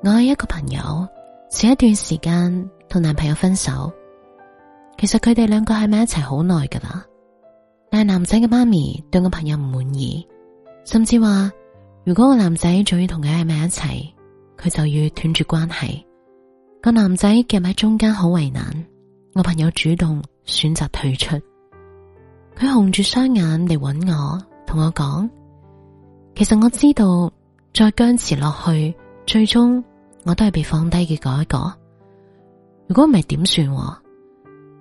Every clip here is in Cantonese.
我係一個朋友前一段時間同男朋友分手，其實佢哋兩個喺埋一齊好耐噶啦，但係男仔嘅媽咪對我朋友唔滿意，甚至話如果個男仔仲要同佢喺埋一齊，佢就要斷絕關係。個男仔夾喺中間好為難，我朋友主動選擇退出，佢紅住雙眼嚟揾我，同我講，其實我知道再僵持落去，最終。我都係被放低嘅嗰一個，如果唔係點算？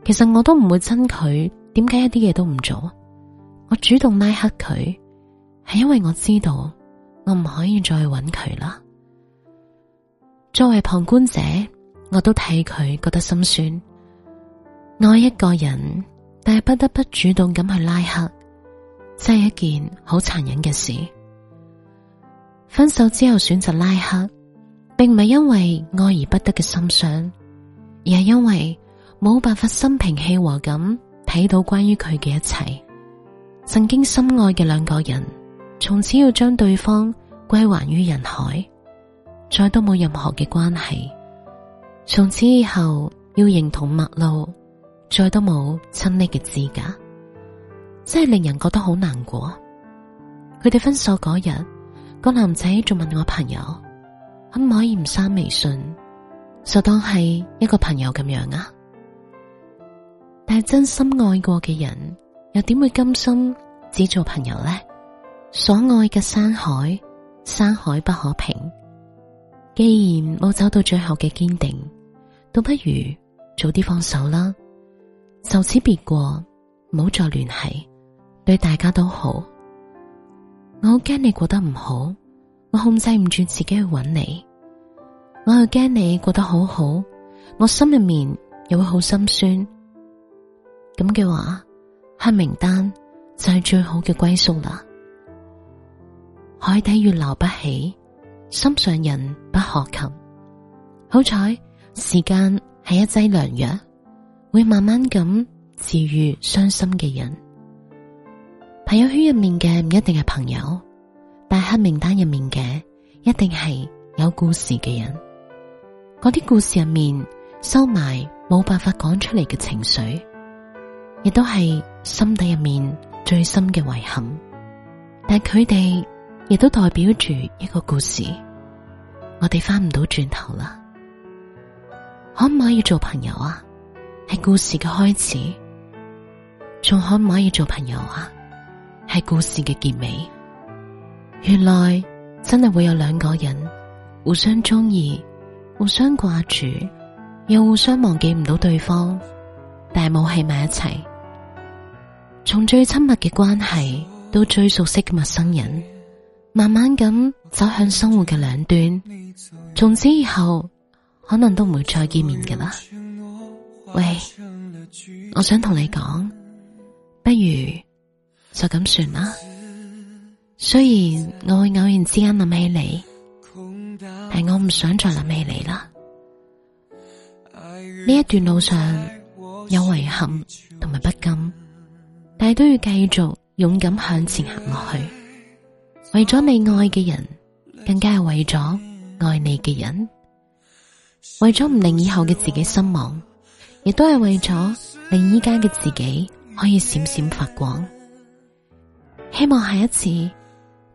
其實我都唔會憎佢，點解一啲嘢都唔做？我主動拉黑佢，係因為我知道我唔可以再揾佢啦。作為旁觀者，我都睇佢覺得心酸。愛一個人，但係不得不主動咁去拉黑，真係一件好殘忍嘅事。分手之後選擇拉黑。並唔係因為愛而不得嘅心傷，而係因為冇辦法心平氣和咁睇到關於佢嘅一切。曾經深愛嘅兩個人，從此要將對方歸還於人海，再都冇任何嘅關係。從此以後要形同陌路，再都冇親昵嘅資格，真係令人覺得好難過。佢哋分手嗰日，個男仔仲問我朋友。可唔可以唔刪微信，就當係一個朋友咁樣啊？但係真心愛過嘅人，又點會甘心只做朋友咧？所愛嘅山海，山海不可平。既然冇走到最後嘅堅定，倒不如早啲放手啦，就此別過，冇再聯繫，對大家都好。我好驚你過得唔好。我控制唔住自己去揾你，我又驚你過得好好，我心入面又會好心酸。咁嘅話，黑名單就係最好嘅歸宿啦。海底月流不起，心上人不可及。好彩時間係一劑良藥，會慢慢咁治愈傷心嘅人。朋友圈入面嘅唔一定係朋友。但黑名單入面嘅一定係有故事嘅人，嗰啲故事入面收埋冇辦法講出嚟嘅情緒，亦都係心底入面最深嘅遺憾。但佢哋亦都代表住一個故事，我哋翻唔到轉頭啦。可唔可以做朋友啊？係故事嘅開始，仲可唔可以做朋友啊？係故事嘅結尾。原來真係會有兩個人互相中意、互相掛住，又互相忘記唔到對方，但係冇喺埋一齊，從最親密嘅關係到最熟悉嘅陌生人，慢慢咁走向生活嘅兩端，從此以後可能都唔會再見面㗎喇。喂，我想同你講，不如就咁算啦。雖然我會偶然之間諗起你，但我唔想再諗起你啦。呢一段路上有遺憾同埋不甘，但係都要繼續勇敢向前行落去。為咗你愛嘅人，更加係為咗愛你嘅人，為咗唔令以後嘅自己失望，亦都係為咗令依家嘅自己可以閃閃發光。希望下一次。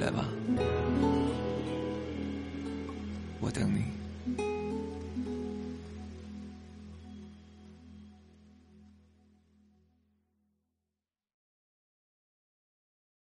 來吧。